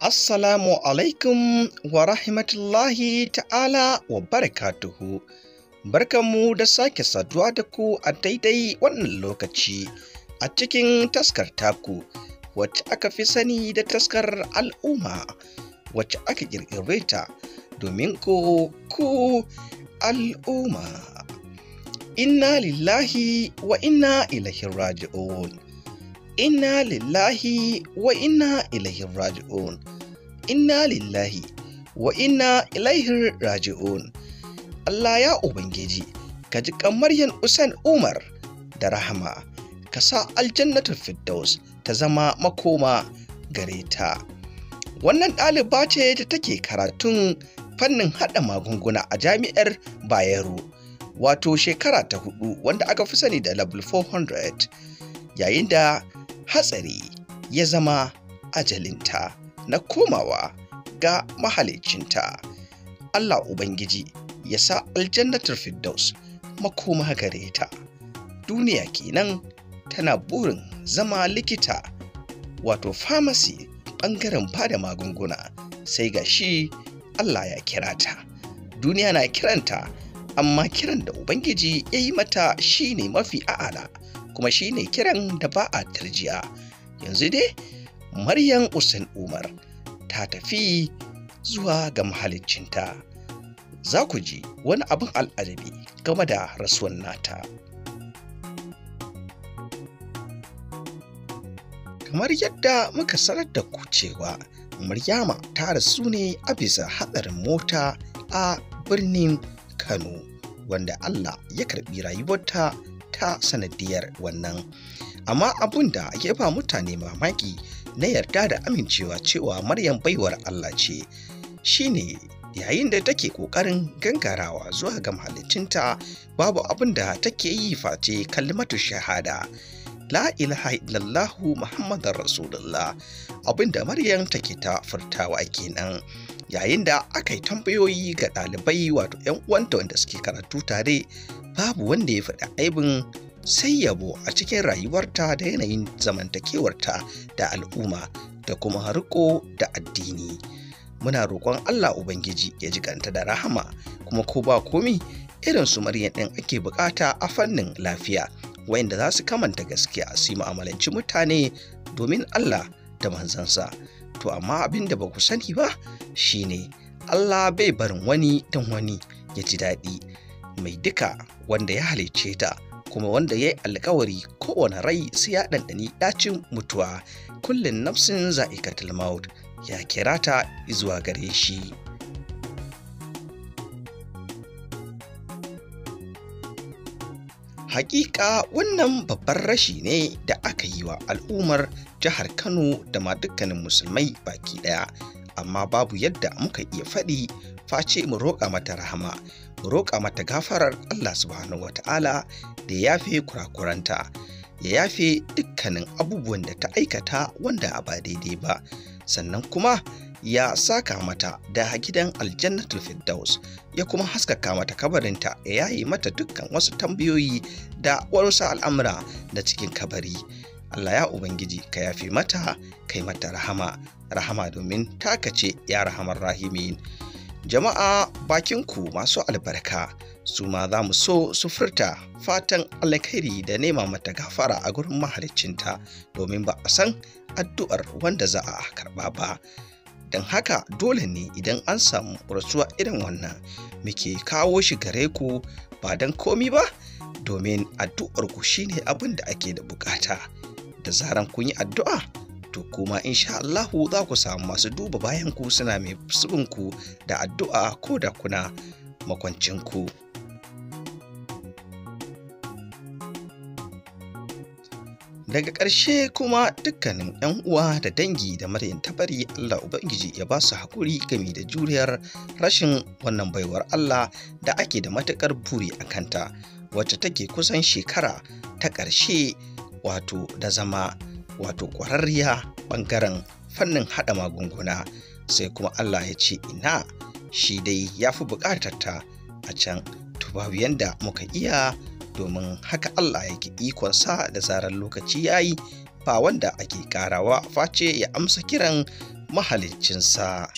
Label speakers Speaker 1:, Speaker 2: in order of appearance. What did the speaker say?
Speaker 1: Assalamu alaikum wa rahmatullahi ta'ala wa barakatuhu. Barkanmu da sake saduwa da ku a daidai wannan lokaci a cikin taskar taku wacce aka fi sani da taskar al'umma wacce aka ƙirƙire ta domin ku ku al'umma. Inna lillahi wa inna ilahi raji'un. inna lillahi wa inna ilaihi raji'un inna lillahi wa inna ilaihi raji'un Allah ya ubangiji ka ji yin Usain Umar da rahama ka sa aljannatul firdaus ta zama makoma gare ta wannan ɗaliba ce da take karatun fannin haɗa magunguna a jami'ar bayero wato shekara ta hudu wanda aka fi sani da level 400 yayin da hatsari ya zama ajalinta na komawa ga mahalicinta Allah Ubangiji ya sa aljannatar Firdaus makoma gare ta duniya kenan tana burin zama likita wato famasi ɓangaren bada magunguna sai ga shi Allah ya kira ta duniya na kiranta amma kiran da Ubangiji ya yi mata shi ne mafi a'ala kuma shi ne kiran da ba a tarjiya yanzu dai maryam usain umar ta tafi zuwa ga mahaliccinta za ku ji wani abin al'adabi game da rasuwan nata kamar yadda muka sanar da ku cewa maryama ta rasu ne a bisa hadarin mota a birnin kano wanda allah ya karbi rayuwarta ta sanadiyar wannan amma abun da ake ba mutane mamaki na yarda da amincewa cewa maryam baiwar allah ce shine yayin da take ƙoƙarin gangarawa zuwa ga mahalicinta babu abin da take yi face kalmatu shahada la ilaha illallahu muhammadar rasulullah abin da maryam take ta furtawa kenan yayin da aka yi tambayoyi ga ɗalibai wato 'yan uwanta wanda suke karatu tare babu wanda ya faɗi aibin sai yabo a cikin rayuwarta da yanayin zamantakewarta da al'umma da kuma riko da addini muna roƙon allah ubangiji ya ji kanta da rahama kuma ko ba komi irin su maryam ɗin ake buƙata a fannin lafiya wayanda za su kamanta gaskiya su mu'amalanci mutane domin allah da manzansa to amma abin da ba ku sani ba shine Allah bai barin wani don wani ya ji daɗi mai duka wanda ya halice ta kuma wanda ya yi alkawari kowane rai sai ya ɗanɗani ɗacin mutuwa kullum nafsin za'ikatul maut ya kira ta zuwa gare shi hakika wannan babban rashi ne da aka yi wa al'ummar jihar kano da ma dukkanin musulmai baki ɗaya. amma babu yadda muka iya faɗi face mu roƙa mata rahama mu roƙa mata gafarar Allah subhanahu wata'ala da ya yafe kurakuranta ya yafe dukkanin abubuwan da ta aikata wanda a ba daidai ba sannan kuma ya saka mata da gidan aljannatul firdaus ya kuma haskaka mata kabarinta ya yaye mata dukkan wasu tambayoyi da wasu al'amura da cikin kabari Allah ya Ubangiji ka yafe mata kai mata rahama rahama domin taka ce ya rahamar rahimin jama'a bakinku masu albarka su ma za mu so su furta fatan alkhairi da nema mata gafara a gurin mahaliccinta domin ba a san addu'ar wanda za a karɓa ba don haka dole ne idan an samu rasuwa irin wannan muke kawo shi gare ku ba don komi ba domin addu'ar ku shine abin da ake da bukata da zaran kun yi addu'a to kuma insha Allahu za ku samu masu duba bayan ku suna mai ku da addu'a ko da kuna makwancinku. Daga ƙarshe kuma dukkanin 'yan uwa da dangi da maryan tabari Allah Ubangiji ya ba su haƙuri gami da juriyar rashin wannan baiwar Allah da ake da matuƙar buri a kanta wacce take kusan shekara ta ƙarshe wato da zama wato ƙwararriya ɓangaren fannin haɗa magunguna sai kuma Allah ya ce ina shi dai ya fi buƙatar ta a can tubabiyan da muka iya domin haka Allah yake ikonsa da zarar lokaci ya yi ba wanda ake karawa face ya amsa kiran mahaliccinsa